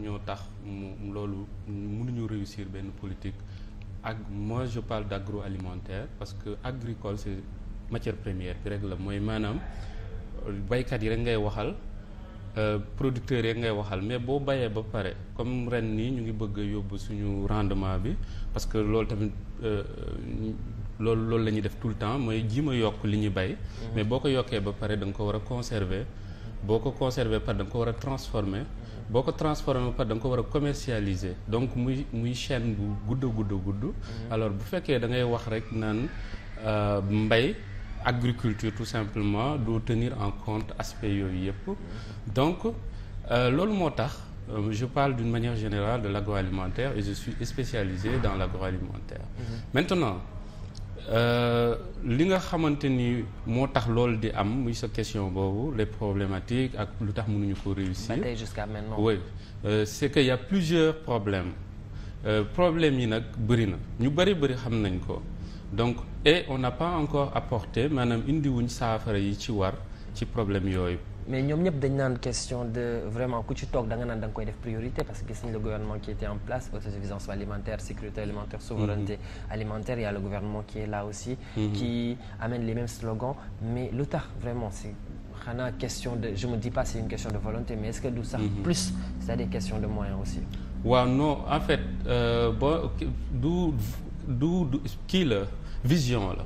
ñoo tax mu loolu mënuñu réussir benn politique ak mois je dagro alimentaire parce que agricole c'est matière première bi rek la mooy maanaam baykat yi rek ngay waxal euh, producteurs yi rek ngay waxal mais boo bayee ba pare comme ren nii ñu ngi bëgg a yóbbu suñu rendement bi parce que loolu tamit euh, loolu loolu la def tout le temps mooy ji ma yokk li ñu bay mm-hmm. mais boo ko yokkee ba pare danga ko war a conserver boo ko conserver par da nga ko war a transformer boo ko transformé par da nga ko war a commercialiser donc muy muy chaine bu gudd gudd gudd. Mm-hmm. alors bu fekkee da ngay wax rek naan euh, mbay agriculture tout simplement doo tenir en compte aspect yooyu yëpp. Mm-hmm. donc euh, loolu moo tax euh, je parle d'une manière générale de l'agroalimentaire et je suis spécialisé dans l'agroalimentaire. Mm-hmm. maintenant. Euh, li nga xamante ni moo tax loolu di am muy sa question boobu les problématiques ak lu tax mënuñu ko réussir. ba tey jusqu'à maintenant. oui euh, c'est que y a plusieurs problèmes euh, problèmes yi nag bëri na ñu bëri bëri xam nañ ko donc et on n'a pas encore apporté maanaam indiwuñ saafara yi ci war ci problème yooyu. mais ñoom ñëpp dañ naan question de vraiment ku ci toog da nga naan da koy def priorité parce que gis nañ le gouvernement qui était en place autosuffisance alimentaire sécurité alimentaire souveraineté mm-hmm. alimentaire il y a le gouvernement qui est là aussi mm-hmm. qui amène les mêmes slogans mais lu tax vraiment c'est xanaa question de je pas c'est une question de volonté mais est-ce que du sax mm-hmm. plus c'est des questions de moyens aussi waaw non en fait euh, boo du du kii la vision la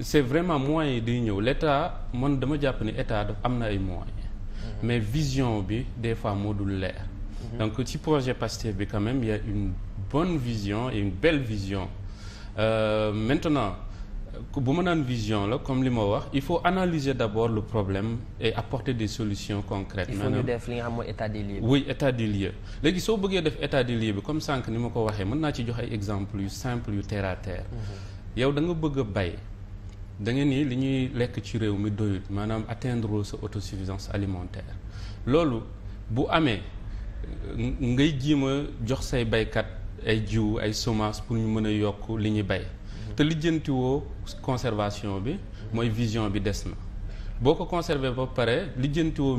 c'est vraiment moyens di ñëw l'état man dama jàpp ni état de am na ay moyens mm-hmm. mais vision bi des fois moo dul leer mm-hmm. donc ci projet Pastef bi quand même il y a une bonne vision une belle vision euh, maintenant bu ma naan vision la comme li ma wax il faut analyser d'abord le problème et apporter des solutions concrètes. il faut ñu def li nga xam mooy état soo bëggee def état des bi comme sànq ni ma ko waxee mën naa ci jox ay exemple yu simple yu terre à terre. Mm-hmm. yow da nga bëgg a bay. da ngeen ni li ñuy lekk ci réew mi doyul maanaam atteindre sa auto autosuffisance alimentaire loolu bu amee ngay jiima jox say baykat ay jiw ay semence pour ñu mën a yokk li ñuy bay mhm. te lijjantiwoo conservation bi mhm. mooy vision bi des na boo ko conserver ba pare lijjantiwoo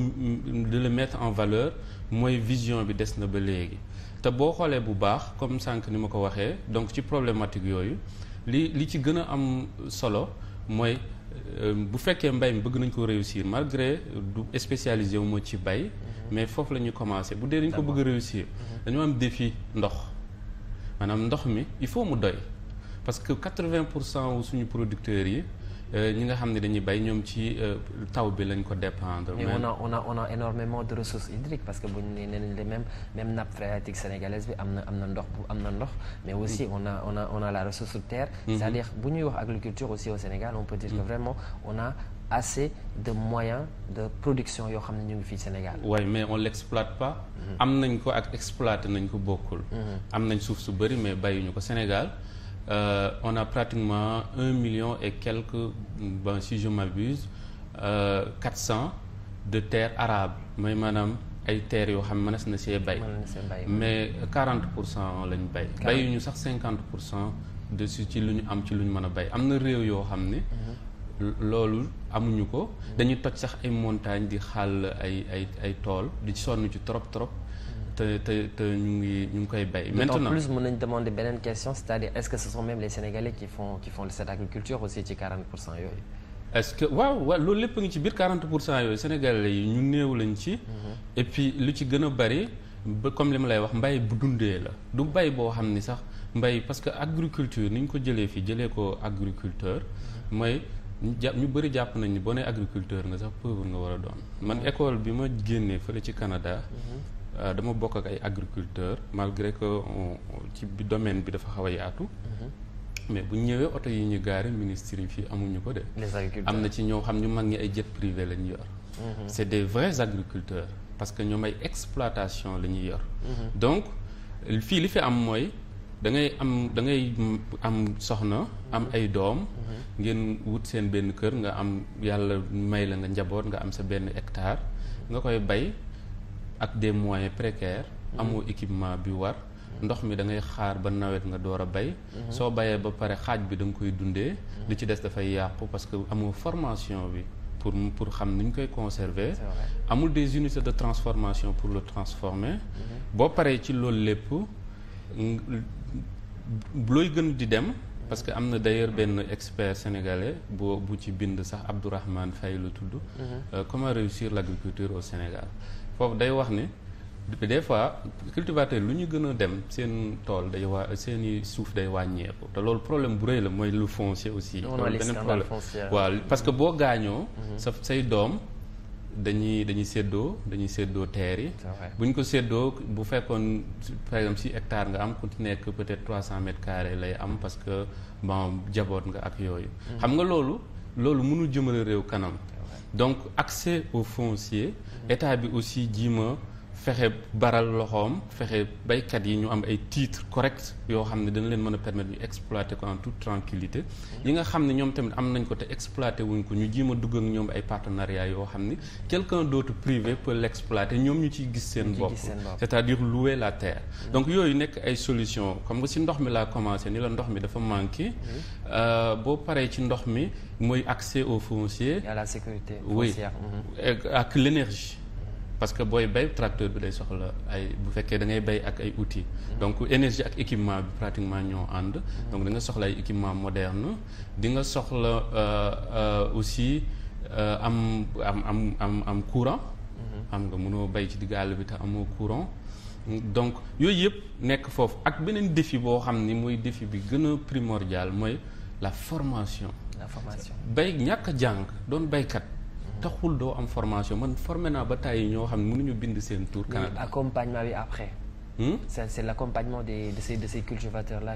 de le mettre en valeur mooy vision bi des na ba léegi te boo xoolee bu baax comme sànq ni ma ko waxee donc ci problématique yooyu li li ci gën a am solo mooy euh, bu fekkee mbay mi bëgg nañ ko réussir malgré du spécialisé wu ma ci bay mhm. mais foofu la ñuy commencé bu dee dañ ko bëgg réussir mhm. dañoo am défi ndox maanaam ndox mi il faut mu doy parce que quatre-vingt pour cent wu suñu producteurs yi Euh, ñi nga xam ne dañuy bay ñoom ci euh, taw bi lañ ko dépendre. mais on a on a on a énormément de ressources hydriques parce que bu ñu nee nañ même même nappe phréatique sénégalaise bi am na am na ndox am na ndox. mais aussi mm. on a on a on a la ressource terre. Mm-hmm. c'est-à-dire bu ñuy wax agriculture aussi au Sénégal on peut dire que mm. vraiment on a. assez de moyens de production yoo xam ne ñu ngi fii Sénégal. waaye mais on l'exploite pas. Mm-hmm. am nañ ko ak exploité nañ ko bokkul. Mm-hmm. am nañ suuf su bëri mais bàyyiñu ko Sénégal. euh, on a pratiquement un million et quelques bon si je m'abuse euh, cent de terres arabes mooy maanaam ay terres yoo xam ne mënees na see bay mais quarante pour cent lañ bay bayuñu sax cinquante pour cent de si ci lu ñu am ci lu ñu mën a bay am na réew yoo xam ne mm-hmm. loolu amuñu ko mm-hmm. dañuy toj sax ay montagnes di xàll ay ay ay tool di sonn ci trop trop te te te ñu ngi ñu ngi koy bay. maintenant en plus mën nañ demander beneen question cest à est-ce que ce sont même les Sénégalais qui font qui font cette agriculture aussi ci 40 pour cent yooyu. est-ce que waaw waaw loolu lépp ngi ci biir 40 pour cent yooyu Sénégalais yi ñu néew lañ ci. Mm-hmm. et lu ci gën a bari ba comme li ma lay wax mbay bu dundee la du bay boo xam ni sax mbay parce que agriculture ni ñu ko jëlee fii jëlee ko agriculteur mm-hmm. mooy. ñu jàpp ñu bëri jàpp nañ ni boo nee agriculteur nga sax pauvre nga war a doon man mm-hmm. école bi ma génnee fële ci Canada Euh, dama bokk ak agriculteur agriculteurs malgré ci bi domaine bi dafa xaw a yaatu. Mhm. mais bu ñëwee oto yi ñu gaare ministres yi fii amuñu ko de. am na ci ñoo xam ñu mag ñi ay jet privé la ñu yor. Mhm. c' est des vrais agriculteurs parce que ñoom ay exploitation la ñuy yor. Mhm. donc fii li fi am mooy dangay am dangay am soxna. am ay doom. ngeen wut seen benn kër nga am yàlla may la nga njaboot nga am sa benn hectare nga koy bay. ak des moyens précaires. Mm-hmm. amoo équipement bi war. Mm-hmm. ndox mi da ngay xaar ba nawet nga door a bay. Mm-hmm. soo bayee ba pare xaaj bi da nga koy dundee. li ci des dafay yàqu parce que amoo formation bi. pour pour xam ni ñu koy conserver amul des unités de transformation pour le transformer boo paree ci loolu lépp looy gën di dem parce que am na d'ailleurs benn expert sénégalais boo bu ci bind sax Abdourahmane Faye la tudd euh, comment réussir l'agriculture au Sénégal foofu day wax ni des fois cultivateur lu ñu gën a dem seen tool day waa seeni suuf day wàññeeku te loolu problème bu rëy la mooy lu foncier aussi. loolu beneen problème waaw parce que boo gaañoo. Mhm. sa say doom. dañuy dañuy séddoo dañuy séddoo terre yi. bu ñu ko séddoo bu fekkoon par si hectare nga am ku nekk peut-être trois cent mètres carrés lay am parce que bon jaboot nga ak yooyu. Mhm. xam nga loolu loolu mënul jëmale réew kanam. donc accès au foncier état bi aussi jiima fexe baral loxoom fexe baykat yi ñu am ay titres corrects yoo xam ne dana leen mën a permettre ñu exploiter ko en toute tranquillité ñi nga xam ne ñoom tamit am nañ ko te exploiter wuñ ko ñu jéem a dugg ak ñoom ay partenariat yoo xam ni quelqu'un d'autre privé peut l'exploiter ñoom ñu ciy gis seen bopp c'est-à-dire louer la terre mmh. donc yooyu nekk ay solution comme nga si ndox mi laa commencé ni la ndox mi dafa manqué mmh. euh, boo paree ci ndox mi mooy accès au foncier à la sécurité foncière mmh. ak l'énergie parce que booy bay tracteur bi day soxla ay bu fekkee da ngay bay ak ay outils. Mm-hmm. donc énergie ak équipement bi pratiquement ñoo ànd. Mm-hmm. donc da soxla ay équipement moderne di nga soxla euh, euh, aussi euh, am am am am am courant. Mm-hmm. xam nga mënoo bay ci digg àll bi te amoo courant. donc yooyu yëpp nekk foofu ak beneen défi boo xam ni mooy défi bi gën a primordial mooy la formation. la formation bay ñàkk jàng doon baykat. taxul doo am formation man formé naa ba tàyyi ñoo xam ne mënuñu bind seen tour Canada accompagnement bi après Hmm? Ça, c'est l'accompagnement de ces de ces cultivateurs là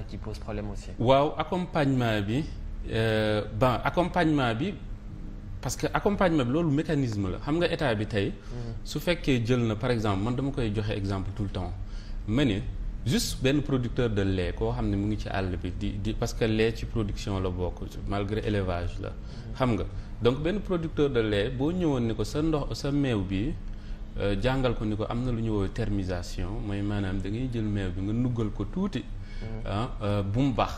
waaw accompagnement bi euh, bon accompagnement bi parce que accompagnement bi loolu mécanisme la xam nga état bi tey. Hmm. su fekkee jël na par exemple man dama koy joxe exemple tout le temps ma ne juste benn producteur de lait koo xam ne mu ngi ci àll bi di di parce que lait ci production la bokk malgré élevage la xam nga donc benn producteur de lait boo ñëwoon ni ko sa ndox sa meew bi euh, jàngal ko ni ko am na lu ñu woowee thermisation mooy maanaam da ngay jël meew bi nga nuggal ko tuuti mm-hmm. ah euh, bu mu baax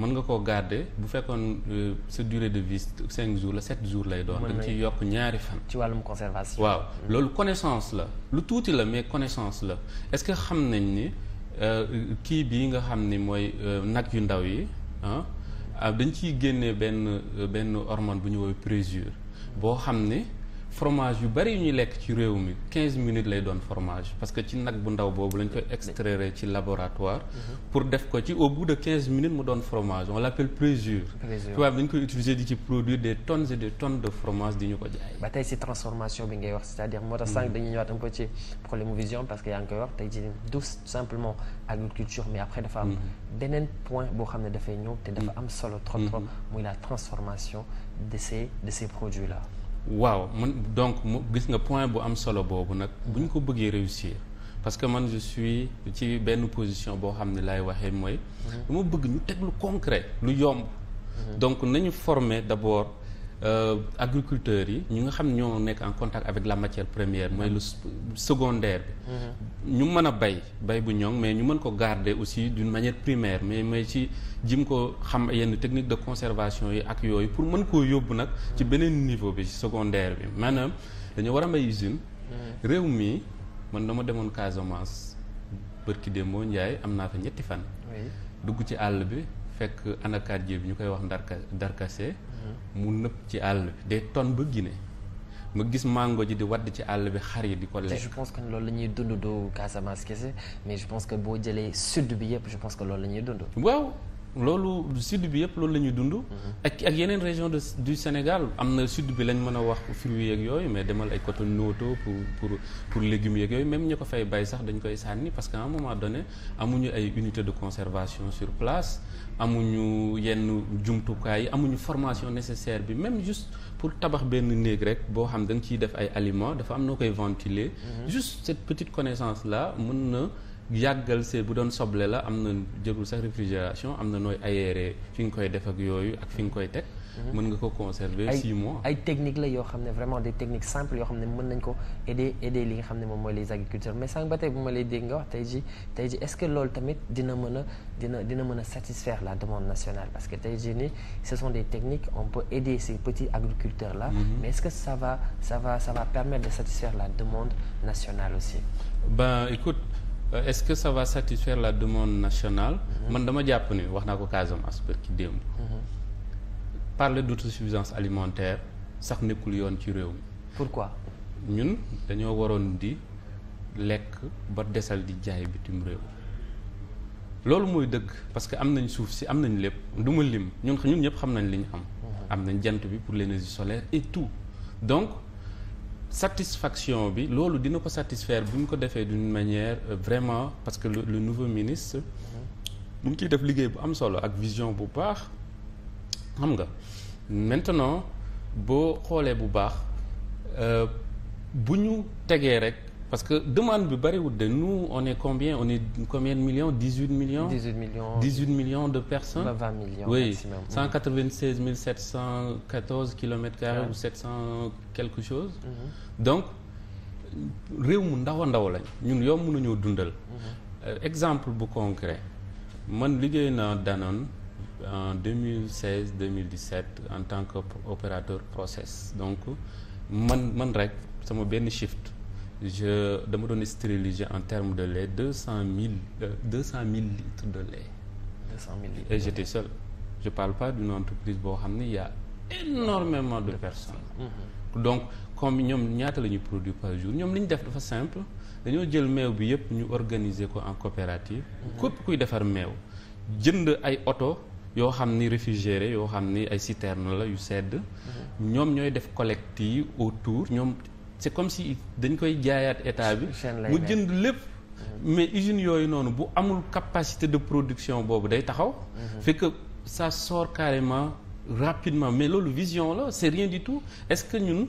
mën nga koo garder bu fekkoon euh, sa durée de vie cinq jours la sept jours lay doon da nga yokk ñaari fan ci wàllum conservation waaw mm-hmm. loolu connaissance la lu tuuti la mais connaissance la est-ce que xam nañ ni Euh, kii bii nga xam ni mooy euh, nag yu ndaw yi ah, ah dañ ciy génne benn euh, benn hormone bu ñu woowee présure boo xam ni fromage yu bari yu ñuy lekk ci réew mi 15 minutes lay doon fromage parce que ci nag bu ndaw boobu lañ koy euh, extraire ci laboratoire. Mhm. pour def ko ci au bout de minutes mu doon fromage on l' appelle présure. présure tubaab dañ koy utiliser di ci produire des tonnes et des tonnes de fromage di ñu ko jaay. ba tey si transformation bi ngay wax c' est à dire moo tax mhm. sànq dañuy ñëwaat un peu ci problème vision parce que yaa ngi koy wax tey jii simplement agriculture mais après dafa mhm. point boo xam ne dafay ñëw te dafa am solo trop trop muy la transformation de ces waaw man donc mu gis nga point bu am solo boobu nag bu ñu ko bëggee réussir parce que man je suis ci benn position boo xam ne laay waxee mooy. mu mhm. bëgg ñu teg lu concret lu yomb. Mhm. donc nañu former d'abord. Euh, agriculteurs yi ñu nga xam ñoo nekk en contact avec la matière première mooy lu secondaire bi mm-hmm. ñu mën a bay bay bu ñoŋ mais ñu mën ko garder aussi d'une manière primaire mais mais ci jim ko xam yenn technique de conservation yi ak yooyu pour mën koo yóbbu nag ci beneen niveau bi secondaire bi maanaam dañoo war a may usine mm-hmm. réew mi man dama demoon Casamance bërki démboo Njaay am naa fa ñetti fan dugg ci àll bi fekk anacardier bi ñu koy wax ndarka ndarkase mu nëb ci àll bi des tonnes ba Guinée ma gis mango ji di wadd ci àll bi xar yi di ko lekk. je pense que loolu la ñuy dund du Casamance kese mais je pense que boo jëlee sud bi yëpp je pense que loolu la ñuy dund. waaw loolu sud bi yëpp loolu la ñuy dund. Mhm. ak ak yeneen région de du Sénégal am na sud bi lañ mën a wax fruits yeeg yooyu mais demal ay côté Noto pour pour pour légumes yeeg yooyu même ñu ko fay bay sax dañ koy sànni parce que à un moment amuñu ay unité de conservation sur place amuñu yenn jumtukaay yi amuñu formation nécessaire bi même juste pour tabax benn néeg rek boo xam da nga ciy def ay aliments dafa am noo koy ventiler. Mhm. juste cette petite connaissance là mën na. yàggal see bu doon soble la am na jërul sax réfrigération am na nooy aéré fi nga koy def ak yooyu ak fi nga koy teg. Mhm. mën nga ko conserver six mois. ay techniques la yoo xam ne vraiment des techniques simples yoo xam ne mën nañ ko aider aider li nga xam ne moom mooy les agriculteurs mais sànq ba tey bu ma lay dégg nga wax tey jii tey jii est-ce que loolu tamit dina mën a dina dina mën a satisfaire la demande nationale parce que tey jii nii ce sont des techniques on peut aider ces petits agriculteurs là. Mhm. mais est-ce que ça va ça va ça va permettre de satisfaire la demande nationale aussi. ben écoute. Euh, est-ce que ça va satisfaire la demande nationale. Mm-hmm. man dama jàpp ni wax naa ko Casamance barki démb. Mm-hmm. parler suffisance alimentaire sax nekkul yoon ci réew mi. pourquoi. ñun dañoo waroon di lekk ba desal di jaay bitim réew. loolu mooy dëgg parce que am nañ suuf si am nañ lépp du lim ñun ñun ñëpp xam nañ li ñu am. Mm-hmm. am nañ jant bi pour l'énergie solaire et tout donc. satisfaction bi loolu dina ko satisfaire bu ñu ko defee d'une manière euh, vraiment parce que le, le nouveau ministre mu ngi ciy def liggéey bu am solo ak vision bu baax xam nga maintenant boo xoolee bu baax euh, bu ñu tegee rek parce que demande bi bëriwul de nous on est combien on est combien de millions dix huit millions. dix huit millions dix huit millions de personnes. ba vingt millions cent quatre vingt seize mille sept cent quatorze quelque chose. Mhm. donc réew mu ndaw a ndaw lañ ñun yow mënuñoo dundal. Mhm. Euh, exemple bu concret man liggéey naa Danone en 2016 2017 en tant que opérateur process donc man man rek sama benn shift. je dama doon stériliser en termes de lait deux cent mille euh, deux cent mille litres de lait. deux cent mille litres et j'étais seul. je parle pas d'une entreprise boo xam ne y a énormément de personnes. Mmh. donc comme ñoom ñaata lañuy ñuy produit par jour ñoom li def dafa simple dañoo jël meew bi yépp ñu organiser ko en coopérative. Mm-hmm. képp kuy defar meew jënd ay oto. yoo xam ni réfrigéré yoo xam ni ay citerne la yu sedd mm-hmm. ñoom ñooy def collecte autour ñoom c' comme si dañ koy jaayaat état bi mu jënd lépp mm-hmm. mais usines yooyu noonu bu amul capacité de production boobu day taxaw mm-hmm. fait sa ça carrément rapidement mais loolu vision la c' est rien du tout est ce que ñun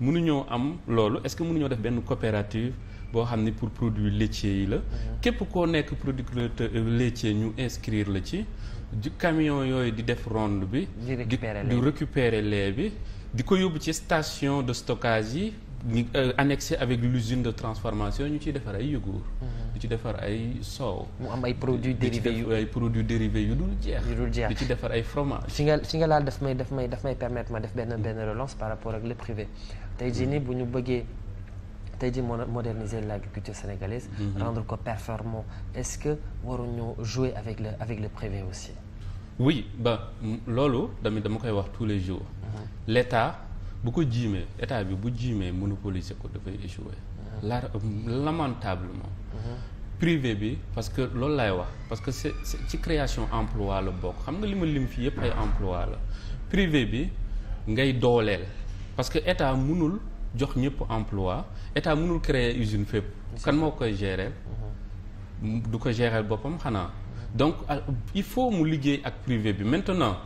mënuñoo am loolu est ce que mënuñoo def benn coopérative boo xam ne pour produits laitiers yi la mm-hmm. képp koo nekk producteur euh, laitier ñu inscrire la ci du camion yooyu di def ronde bi di récupérer lait bi di ko yóbbu ci station de stockage yi ñu euh, annexé avec l'usine de transformation ñu ciy defar ay yogourt. Mhm. di ci defar ay soow. mu am ay produits dérivés yu ay produits dérivés yu dul jeex. yu dul jeex di ci defar ay fromage. fi nga nga laal daf may daf may daf may permettre ma def benn benn relance par rapport ak le privé tey jii nii bu ñu bëggee. tey jii moderniser l'agriculture sénégalaise. Mhm. rendre ko performant est-ce que waruñu jouer avec le avec le privé aussi. oui ba loolu tamit dama koy wax tous les jours. Mhm. l'État bu ko jiimee état bi bu jiimee monopoliser ko dafay échouer la lamentablement mhm. privé bi parce que loolu laay wax parce que ci création emploi la bokk xam nga li ma lim fii yëpp ay emploi la privé bi ngay dooleel parce que état munul jox ñëpp emploi état munul créer usine fépp kan moo koy gérer mhm. du ko gérer boppam xanaa mhm. donc ah, il faut mu liggéey ak privé bi maintenant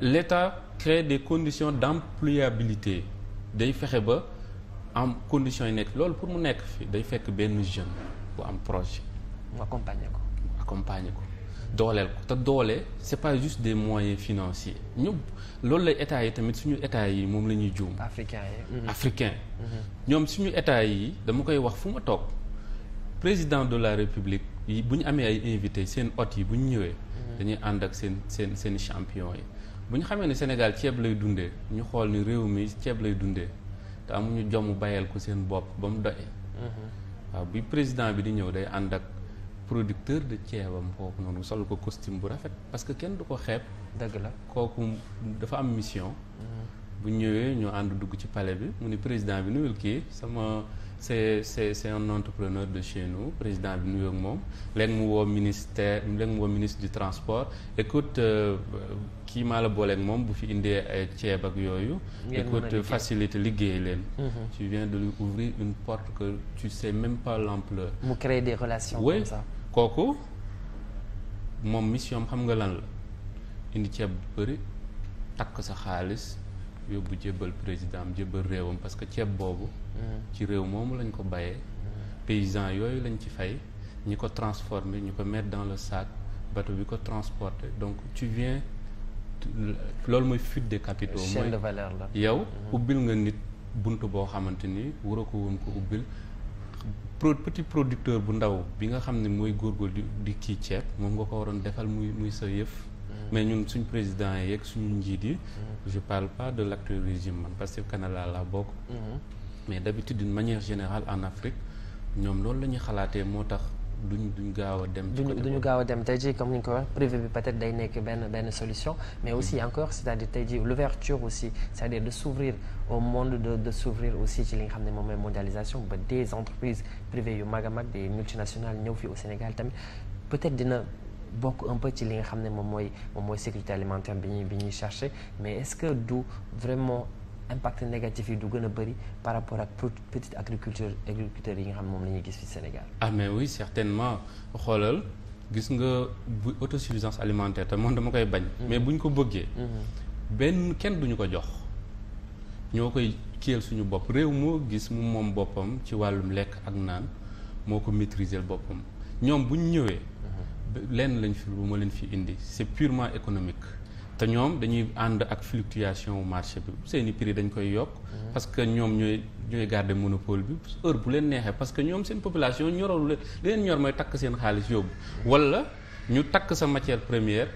l'état créer des conditions d'employabilité day fexe ba am conditions yi nekk loolu pour mu nekk fi day fekk benn jeune bu am projet. mu accompagner ko. accompagner ko dooleel ko te doole c'est pas juste des moyens financiers ñu loolu lay état yi tamit suñu état yi moom la ñuy juum. africain yi mhm. Mhm. ñoom suñu état yi dama koy wax fu ma toog président de la république yi bu ñu amee ay invités seen hôte yi bu ñu ñëwee. Mhm. dañuy ànd ak seen seen seen champion yi. bu ñu xamee ne Sénégal ceeb lay dundee ñu xool ni réew mi ceeb lay dundee te amuñu jomm bayal ko seen bopp ba mu doy. Mhm. waaw bi président bi di ñëw day ànd ak producteur de ceebam foofu noonu sol ko costume bu rafet parce que kenn du ko xeeb. dëgg la kooku dafa am mission. Mhm. bu ñëwee ñu ànd dugg ci pale bi mu ni président bi nuyul kii sama c'est c'est c'est entrepreneur de chez nous président bi nuyoo ak moom léegi mu woo ministère léegi mu woo ministre du transport écoute euh, kii maa la booleeg moom bu fi indee ay ceeb ak yooyu écoute facilité liggéey leen mhm. tu viens de lui ouvrir une porte que tu sais même pas l'ampleur mu créer des relations kooku moom mission xam nga lan la indi ceeb bu bëri takk sa xaalis yóbbu jébbal président am jébbal réewam parce que ceeb boobu. Hmm. ci réew moomu lañ ko bayee. Hmm. paysan yooyu lañ ci fay ñi ko transformer ñi ko mettre dans le sac bateau bi ko transporté donc tu viens loolu mooy fuite des capitaux. mooy chaîne de valeur la yow hmm. ubbil nga nit bunt boo xamante ni waroo ko woon ko ubbil. pro petit producteur bu ndaw bi nga xam ne mooy góorgóorlu di kii ceeb moom nga ko waroon defal muy muy sa yëf. mais ñun président yi ak suñu njiit yi mm-hmm. je parle pas de l'actuel régime man parce que Canada laa bokk mm-hmm. mais d'habitude d'une manière générale en Afrique ñoom loolu la ñuy xalaatee moo tax duñ duñ gaaw a dem. duñu duñu gaaw a dem tey jii comme ni ñu ko wax privé bi peut-être day nekk benn benn solution. mais aussi mm-hmm. encore c'est-à-dire tey jii l'ouverture aussi c'est-à-dire de s'ouvrir au monde de de aussi ci li nga xam ne moom mooy mondialisation ba des entreprises privées yu mag a mag des multinationales ñëw fii au Sénégal tamit peut bokk un peu ci li nga xam ne moom mooy moom mooy sécurité alimentaire bi ñuy bi ñuy cherché mais est-ce que du vraiment impact négatif yi du gën a bëri par rapport ak petite agriculture agriculteurs yi nga xam ne moom la ñuy gis fi Sénégal. ah mais oui certainement xoolal gis nga bu autosuffisance alimentaire te moom dama koy bañ. Mm-hmm. mais buñ ko bëggee. Mm-hmm. benn kenn duñu ko jox ñoo koy kiyal suñu bopp réew moo gis mu moom boppam ci wàllum lekk ak naan moo ko maîtriser boppam ñoom buñ ñëwee. lenn lañ fi lu ma leen fi indi c'est purement économique te ñoom dañuy ànd ak fluctuation wu marché bi seeni prix dañ koy yokk mm-hmm. parce que ñoom ñooy ñooy garder monopole bi heure bu leen neexee parce que ñoom seen population ñoralu leen ñor mooy takk seen xaalis yóbbu wala ñu takk sa matière première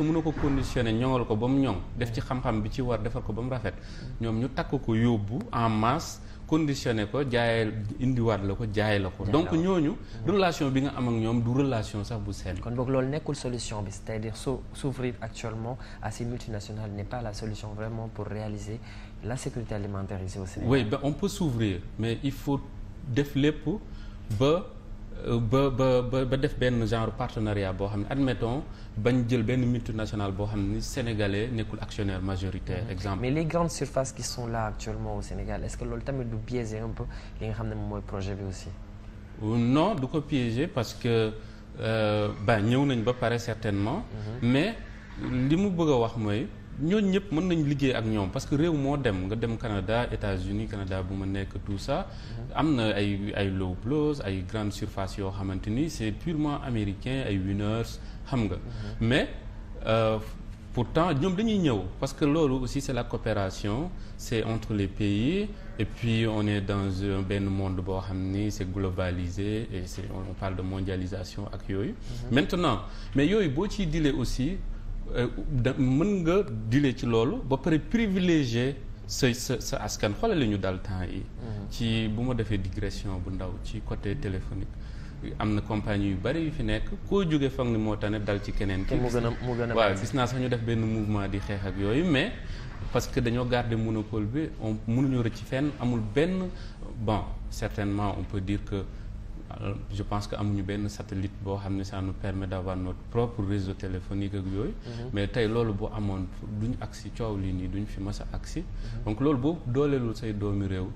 mun a ko conditionné ñoŋal ko ba mu ñoŋ def ci xam-xam bi ci war defal ko ba mu rafet mm-hmm. ñoom ñu takk ko yóbbu en masse conditionné ko jaayee indiwaat la ko jaay la ko. donc ñooñu. relation bi nga am ak ñoom du relation sax bu seen. kon boog loolu nekkul solution bi c'est-à-dire soo s'ouvrir actuellement à ces multinationales ne pas la solution vraiment pour réaliser la sécurité alimentaire ici au Sénégal. oui ben on peut s'ouvrir mais il faut def lépp ba. ba ba ba def benn genre partenariat boo xam ne admettons bañ jël benn multinationale boo xam ni sénégalais nekkul actionnaire majoritaire mhm. exemple. mais les grandes surfaces qui sont là actuellement au Sénégal est-ce que loolu tamit du piéger un peu li nga xam ne moom mooy projet bi aussi. Euh, non du ko piéger parce que euh, ba ñëw nañ ba pare certainement. Mhm. mais li mu bëgg wax mooy. ñooñu ñëpp mën nañ liggéey ak ñoom parce que réew moo dem nga dem Canada États-Unis Canada bu ma nekk tout ça mm-hmm. am na ay ay low blows ay grandes surfaces yoo xamante ni c'est purement américain ay winners xam nga mm-hmm. mais euh, pourtant ñoom dañuy ñëw parce que loolu aussi c'est la coopération c'est entre les pays et puis on est dans benn monde boo xam ni c'est globalisé et c'est on parle de mondialisation ak yooyu mm-hmm. maintenant mais yooyu boo ciy dilee aussi Euh, mën nga dile ci loolu ba pare privilégier sa sa sa askan xoolal ñu dal temps yi mhm. ci bu ma defee digression bu ndaw ci côté téléphonique am na compagnie yu bari yu fi nekk koo jóge foog ni moo tane dal ci keneen ki waaw gis naa sax ñu def benn mouvement di xeex ak yooyu mais parce que dañoo garder monopole bi on mënuñu rëcc fenn amul benn bon certainement on peut dire que je pense que am ñu benn satellite boo xam ne ça nous permet d'avoir notre propre réseau téléphonique ak yooyu. Mhm. mais tey loolu bu amoon duñ agsi coow lii nii duñ fi mës a agsi. Mhm. donc loolu boo dooleelul say doomi réew.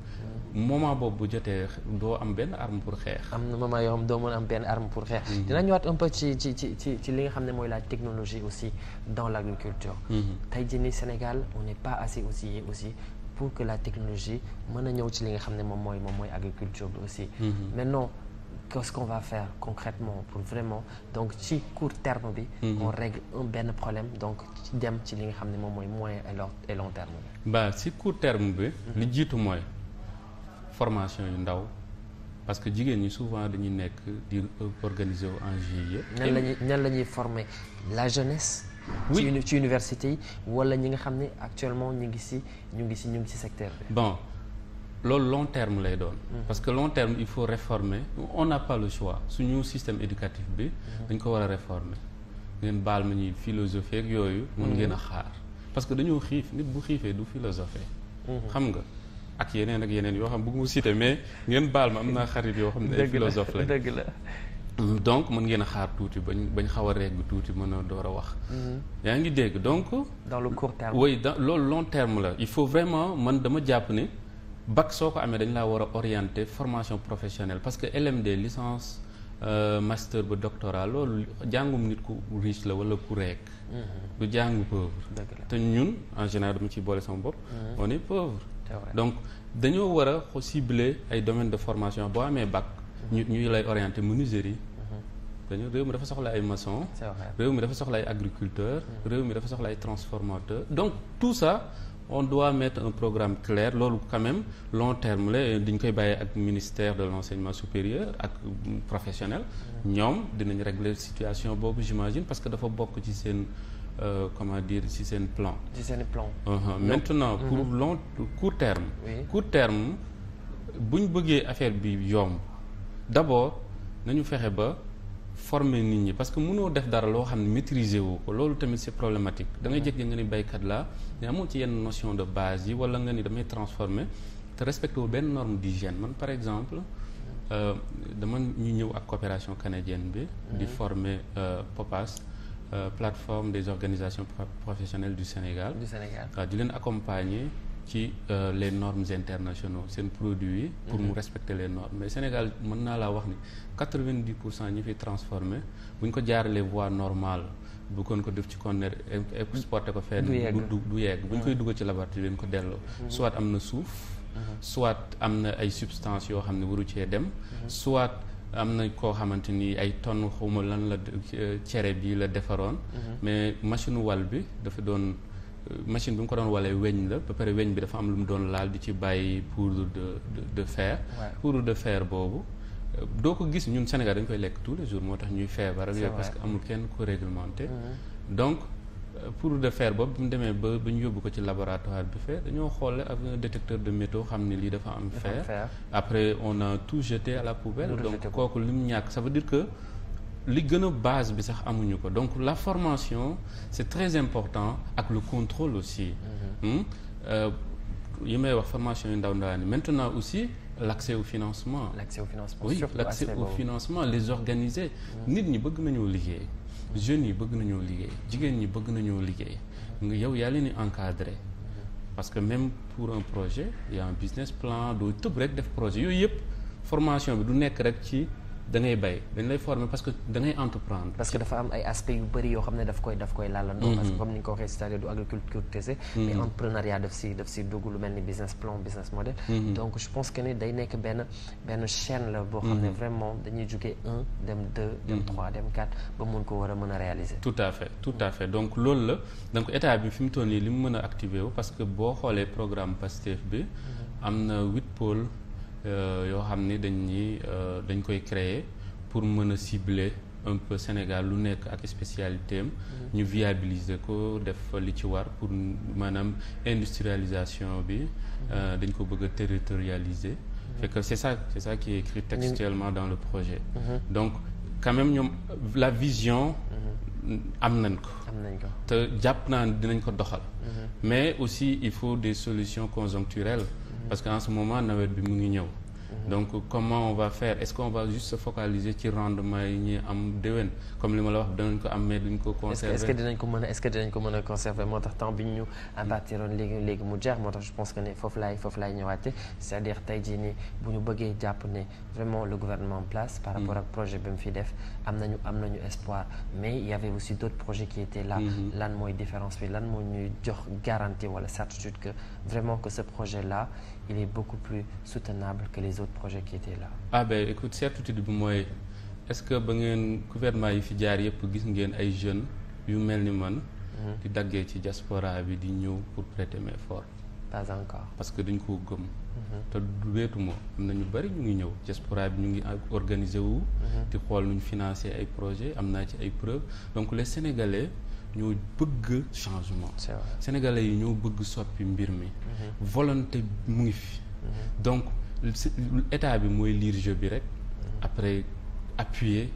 Mhm. moment boobu bu jotee doo am benn arme pour xeex. am na moment yoo xam doo mën am benn arme pour xeex. dina ñëwaat un peu ci ci ci ci li nga xam ne mooy la technologie aussi dans l'agriculture. tey jii nii Sénégal on n'est pas assez outillé aussi. pour que la technologie mën a ñëw ci li nga xam ne moom mooy moom mooy agriculture bi aussi. maintenant qu'est-ce qu'on va faire concrètement pour vraiment donc ci court terme bi. Mhm. on règle un benn problème donc ci dem ci li nga xam ne moom mooy moyen et long et long terme bi. ba si court terme bi. Mhm. li jiitu mooy formation yu ndaw parce que jigéen ñi souvent dañuy nekk di organiser wu en juillet. ñan la ñuy ñan la ñuy former la jeunesse. oui ci université yi wala ñi nga xam ne actuellement ñu ngi si ñu ngi si ñu ngi si secteur bi. bon loolu long terme lay doon. Mm-hmm. parce que long terme il faut réformer on n'a pas le choix suñu système éducatif bi. Mm-hmm. dañ ko war a réformer ngeen baal ma ñuy philosophie ak yooyu. mun mm-hmm. ngeen a xaar parce que dañoo xiif nit bu xiifee du philosophé. xam nga ak yeneen ak yeneen yoo xam bëgguma citer mais ngeen baal ma am naa xarit yoo xam ne ay philosophe lañ dëgg la mm, donc mën ngeen a xaar tuuti bañ bañ xaw a regg tuuti mën a door a wax. yaa ngi dégg donc. dans le court terme loolu long terme la il faut vraiment man dama jàpp ne. bac soo ko amee dañu laa war a orienter formation professionnelle parce que LMD licence euh, master ba doctorat loolu jàngum nit ku riche la wala ku rekk mm-hmm. du jàngu pauvre te ñun en général dama ci boole sama bopp mm-hmm. on est pauvre donc dañoo war a cibler ay domaines de formation boo amee bac mm-hmm. ñu ñuy lay orienter menuiserie dañu réew mi dafa soxla ay maçon réew mi dafa soxla ay agriculteur réew mi dafa soxla ay transformateur donc tout sa on doit mettre un programme clair loolu quand même long terme la dañ koy bàyyi ak ministère de l'enseignement supérieur ak professionnel ñoom dinañ régler situation boobu j'imagine parce que dafa bokk ci seen Euh, comment dire ci seen plan. seen plan. Uh maintenant mm -hmm. pour long court terme. court terme bu bëggee affaire bi yomb d'abord nañu fexe ba. former nit ñi parce que mënoo def dara loo xam ne maîtriser woo ko loolu tamit c'est problématique da ngay jékki nga ni béykat la mais amoo ci yenn notion de base yi wala nga ni damay transformer te respecté wu benn norme d'hygiène man par exemple euh, dama ñu ñëw ak coopération canadienne bi di former euh, POPAS euh, plateforme des organisations professionnelles du Sénégal du Sénégal di leen accompagner ci euh, les normes internationaux seen produit yi pour mhm. mu respecter les normes mais Sénégal mën naa laa wax ni quatre-vingt-dix pour cent ñi fi transformé bu ko jaaralee voie normale bu kon ko def ci conteneur eh, exporté ko fenn du du yegg bu ñu koy dugal ci laboratoire leen ko delloo mhm. soit am na suuf mhm. soit am na ay substance yoo xam ne waru cee dem soit am na koo xamante ni ay tonnes xawma lan la euh, cere bi la defaroon mais machine wal bi dafa doon machine bi mu ko doon walee weñ la ba pare weñ bi dafa am lu mu doon laal di ci bàyyi poudre de de fer. poudre de fer boobu. Euh, doo ko gis ñun Sénégal dañ koy lekk tous les jours moo tax ñuy feebar ak yooyu parce que amul kenn ko réglementé. donc euh, pour de fer boobu bi mu demee ba ba ñu yóbbu ko ci laboratoire bi fer dañoo xoole ak un détecteur de métaux xam ne lii dafa am. fer après on a tout jeté à la poubelle. donc kooku li mu ñàkk ça veut dire que. li gën a base bi sax amuñu ko donc la formation c'est très important ak le contrôle aussi mm-hmm. hmm? euh, yi may wax formation yu ndaw ndawaan maintenant aussi l'accès au financement l'accès au financement oui l'accès au financement les organiser mm-hmm. nit ñi bëgg nañoo liggéey jeunes yi bëgg nañoo liggéey jigéen ñi bëgg nañoo liggéey nga yow yaa leen di encadrer mm-hmm. parce que même pour un projet il y a business plan doo tëb rek def projet yooyu yëpp formation bi du nekk rek ci da ngay bay dañ lay former parce que da ngay entreprendre. parce que dafa am ay aspects yu bëri yoo xam ne daf koy daf koy laalandoo. Mhm. parce que comme ni nga ko waxee c'est-à-dire du agriculture kese. Mhm. mais entrepreneuriat daf si daf si dugg lu mel ni business plan business model. Mhm. donc je pense que ne day nekk benn benn chaîne la. boo xam ne vraiment dañuy jugee un dem deux. dem trois dem quatre ba mun ko war a mën a réaliser. tout à fait tout à fait donc loolu la donc état bi fi mu toll nii li mu mën a activer wu parce que boo xoolee programme PASTEF bi. am na huit pôles. Euh, yoo xam ni dañ ñi euh, dañ koy créer pour mën a cibler un peu Sénégal lu nekk ak spécialité am mhm. ñu viabiliser ko def li ci war pour maanaam industrialisation bi mhm. euh, dañ ko bëgg a territorialiser mhm. fait que c'est ça c'est ça qui est écrit textuellement dans le projet donc quand ñoom la vision am nañ ko te jàpp naa ne dinañ ko doxal mais aussi il faut des solutions conjoncturelles parce que en ce moment nawet bi mu ngi ñëw donc comment on va faire est-ce qu'on va juste focaliser ci rendement yi ñu am déwén comme li ma la wax danañ ko am mais duñ ko conserver est-ce que dinañ ko mën a est-ce que dinañ ko mën a conserver moo tax temps bi ñu abattiroon léegi léegi mu jeex moo tax je pense que ne foofu laay foofu laay c'est-à-dire tey jii nii bu ñu bëggee jàpp ne vraiment le gouvernement en place par rapport mm. ak projet bi mu fi def am nañu am nañu espoir mais il y avait aussi d'autres projet qui étaient là mm-hmm. lan mooy différence bi lan moo ñuy jox garantie wala certitude que vraiment que ce projet là il est beaucoup plus soutenable que les autres projets qui étaient là. ah écoute certitude bi mooy est-ce que ba ngeen gouvernement yi fi jaar yëpp gis ngeen ay jeunes yu mel ni man. Mhm. di daggee ci diaspora bi di ñëw pour prêter ma forte. pas encore parce que dañ ko gëm. Mhm. te weetuma am na ñu bari ñu ngi ñëw diaspora bi ñu ngi organiser wu. Mhm. di xool nu ñu financer ay projets am naa ci ay preuves donc les sénégalais. ñoo bëgg changement. c'est sénégalais yi ñoo bëgg soppi mbir mi. Mm-hmm. volonté mu ngi fi. Mm-hmm. donc état bi mooy liir jeu bi rek. Mm-hmm. après appuyer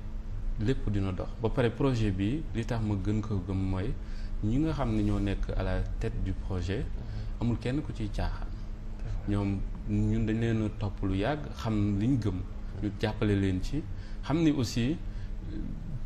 lépp dina dox ba pare projet bi li tax ma gën ko gëm mooy ñi nga xam ni ñoo nekk à la tête du projet. amul kenn ku ciy caaxaan. ñoom ñun dañ leen topp lu yàgg xam liñ gëm. ñu jàppale leen ci xam ni aussi.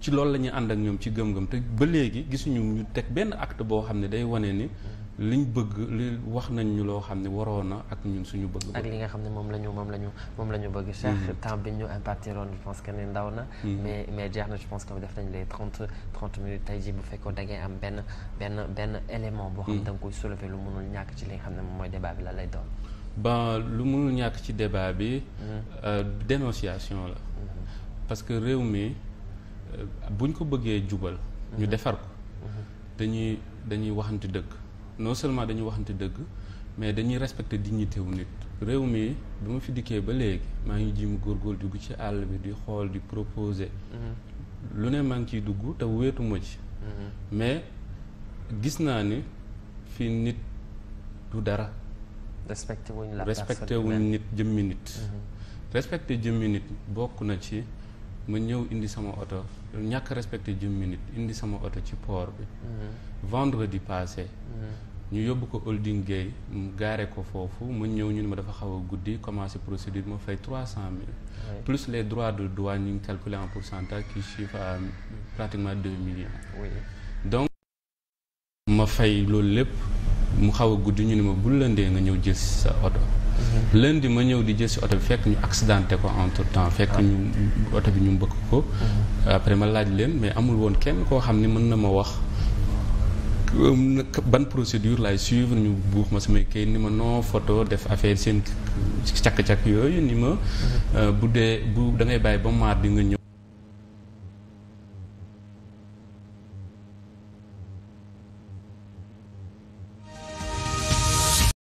ci loolu la ñuy ànd ak ñoom ci gëm-gëm te ba léegi gisuñu ñu teg benn act boo xam ne day wane ni liñ bëgg li wax nañ ñu loo xam ne waroon na ak ñun suñu bëgg. ak li nga xam ne moom la ñu moom la ñu moom la ñu bëgg. Cheikh mm-hmm. temps bi ñu impartiroon je pense que ne ndaw na. Mm-hmm. mais mais jeex na je pense que def nañ les trente trente minutes tey jii bu fekkoon da am benn benn benn élément. boo xam mm-hmm. da nga koy soulever lu mënul ñàkk ci li xam ne moom mooy débat bi la lay doon. ba lu mënul ñàkk ci débat bi. Euh, dénonciation la. parce que réew mi. bu euh, buñ ko bëggee jubal. ñu mhm. defar ko. Mhm. dañuy dañuy waxante dëgg non seulement dañuy waxante dëgg mais dañuy respecter dignité wu nit. réew mi bi ma fi dikkee ba léegi maa ngi ji mu góorgóor dugg ci àll bi di xool di proposer. Mhm. lu ne maa ngi ciy dugg te wéetu ma ci. mais gis naa ni fii nit du dara. respecté wuñ la respecté wuñ nit jëmmi nit. respecté jëmmi nit bokk na ci ma ñëw indi sama oto. ñàkk respecté dix minutes indi sama oto ci port bi mhm. vendredi passé mhm. ñu yóbbu ko holding gay mu gaare ko foofu mu ñëw ñu ma dafa xaw a guddi commencé procédure ma fay trois cent mille plus les droits de douane ñu ngi calculé en pourcentage qui chiffre à pratiquement deux millions oui. donc ma fay loolu lépp mu xaw a guddi ñu ne ma bul landee nga ñëw jël sa oto di ma ñëw di jël si oto bi fekk ñu accidenté ko entre temps fekk ñu oto bi ñu mbëkk ko après ma laaj leen mais amul woon kenn koo xam ne mën na ma wax ban procédure laay suivre ñu buux ma samay kayit ni ma noo foto def affaire seen càkk-càkk yooyu ni ma bu dee bu da bàyyi ba maar di nga ñëw